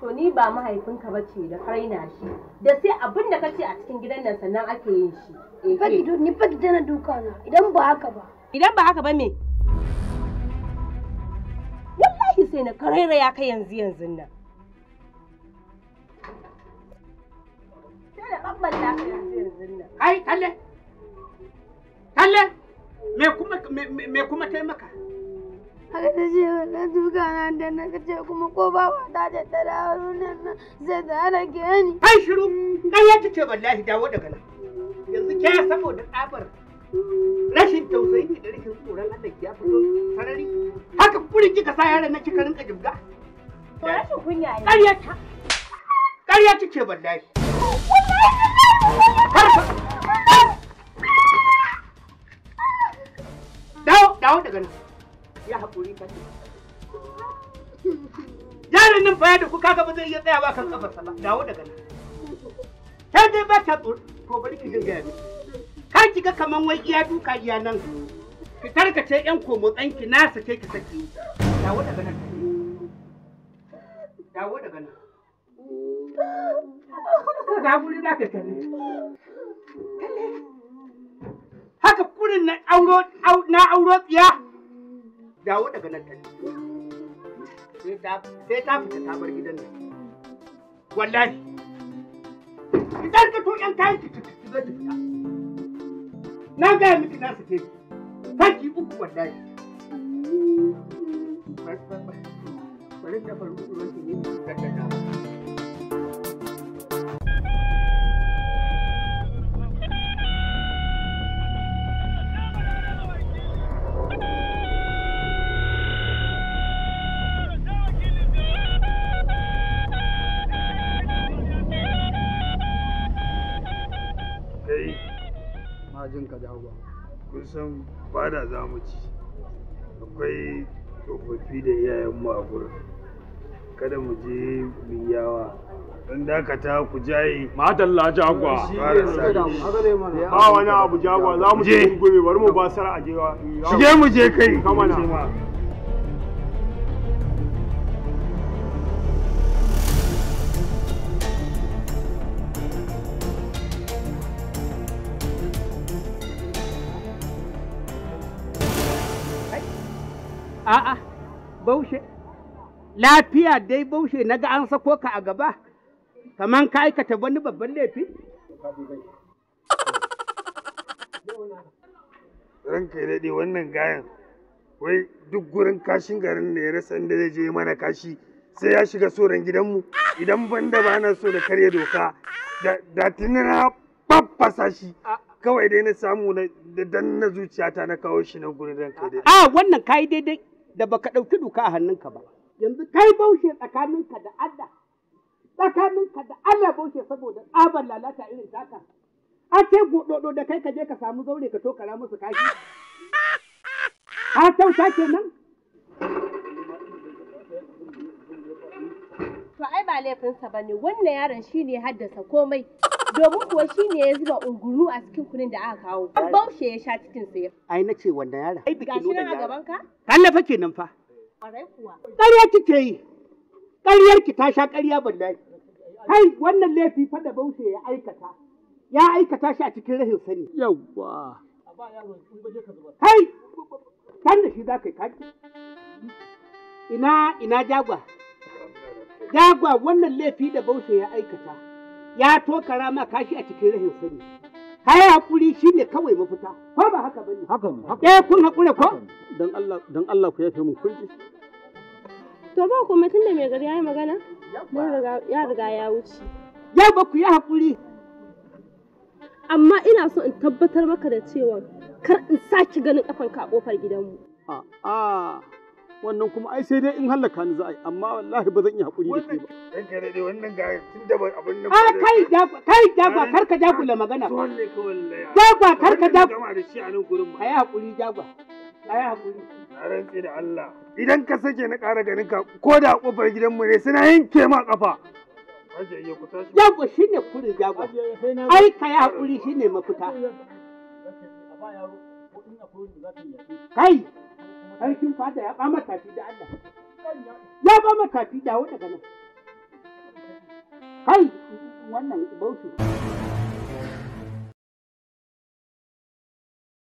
to ni ba mahaifinka ba ce da raina shi da sai abin da kace a cikin gidan nan sannan ake yin shi fadi do ni fadi eh, eh. dana duka na idan ba haka ba idan ba haka ba me wallahi sai na karaira ya kai yanzu yanzu nan Ai, kalle! Kalle! Me kuma, me, me kuma taimaka? haka ta ce wannan duka na da na kace kuma ko ba ta da ta dawo nan zai da rage ni ai shiru kai ya tace wallahi dawo daga nan yanzu ke saboda tsabar rashin tausayi da rashin tsoron Allah ya fito sarari haka kurin kika sa yaran na kika rinka jibga to rashin kunya ne ƙarya ta ƙarya take wallahi dawo dawo daga nan ya haƙuri ka Jarin nan baya da kuka gaba zai iya tsayawa kan kafar sala dawo daga nan. Ta dai ba ta tsoro to bari ki gaya ni. Ka ki ga kaman wai iya duka iya nan. Ki tarkace yan komo tsanki na sake ki sake. Dawo daga nan. Dawo daga nan. Ka haƙuri za ka kalle. Haka kurin na auro na auro tsiya. dawo daga nan ɗan sai ta fita ta bar gidan nan wallahi idan ka to yan kayan ki ki zai fita na ga miki na sake ki uku wallahi bari da faru ruwan ki ne ki a jin ka dawo ba kun san ba da za mu ci akwai tsofaffi da iyayenmu a gurin kada mu je mu yawa don dakata ku jaye madalla jagwa ba wani abu jagwa za mu je gobe bari mu ba sar jewa. shige mu je kai kamana A'a, baushe, lafiya dai baushe na ga an sako ka a gaba, kaman ka aikata wani babban laifi? Ranka ya daɗe wannan gayan, wai duk gurin kashin garin da ya rasa inda zai je mana kashi sai ya shiga soran gidanmu idan ban da ba na so da karya doka da tuni na babbasa shi. kawai dai na samu da danna zuciyata na kawo shi na gurin ranka daidai. A wannan kai daidai. da baka ɗauki duka a hannunka ba yanzu kai baushe tsakaninka da Allah tsakaninka da Allah baushe saboda tsabar lalata irin taka a ce gododo da kai ka je ka samu zaure ka tokara musu kashi a ke nan. to ai ba laifinsa ne, wannan yaron shi ne haddasa komai domin kuwa shi ne ya zuba ungulu a cikin kunin da aka kawo baushe ya sha cikin sayar. ai na ce wanda yara ai biki nuna yara gaban ka Allah fa kenan fa ƙarya kike yi ƙaryar ki ta sha ƙarya wallahi Kai wannan laifi fa da baushe ya aikata ya aikata shi a cikin rahin sani yawwa kai kan da shi za ka yi ina ina jagwa jagwa wannan laifi da baushe ya aikata ya tokara ma kashi a cikin rahin sani kai hakuri shine kawai mafita ko ba haka bane haka ne eh kun hakura ko dan Allah dan Allah ku yafe mun kun ji to ba ku mutun da mai gari yayi magana mun riga ya riga ya wuce yau ba ku yi hakuri amma ina so in tabbatar maka da cewa kar in saki ganin kafan ka a kofar gidanmu a'a wannan kuma ai sai dai in hallaka ni za a yi amma wallahi ba zan iya haƙuri da ke ba. Ɗan dai wannan ga tun da ba abin nan. Ah kai jagwa kai jagwa kar ka jagula magana. Dole ko wallahi. kar ka da haƙuri jagwa. Na rantse Idan ka sake na ƙara ganin ka ko da ƙofar gidanmu ne suna yanke ma ƙafa. Jagwa shi ne kurin jagwa. Ai ka yi haƙuri shi ne mafita. Kai! aikin fada ya ba tafi da Allah ya ba tafi da wata gana, kai wannan bauchi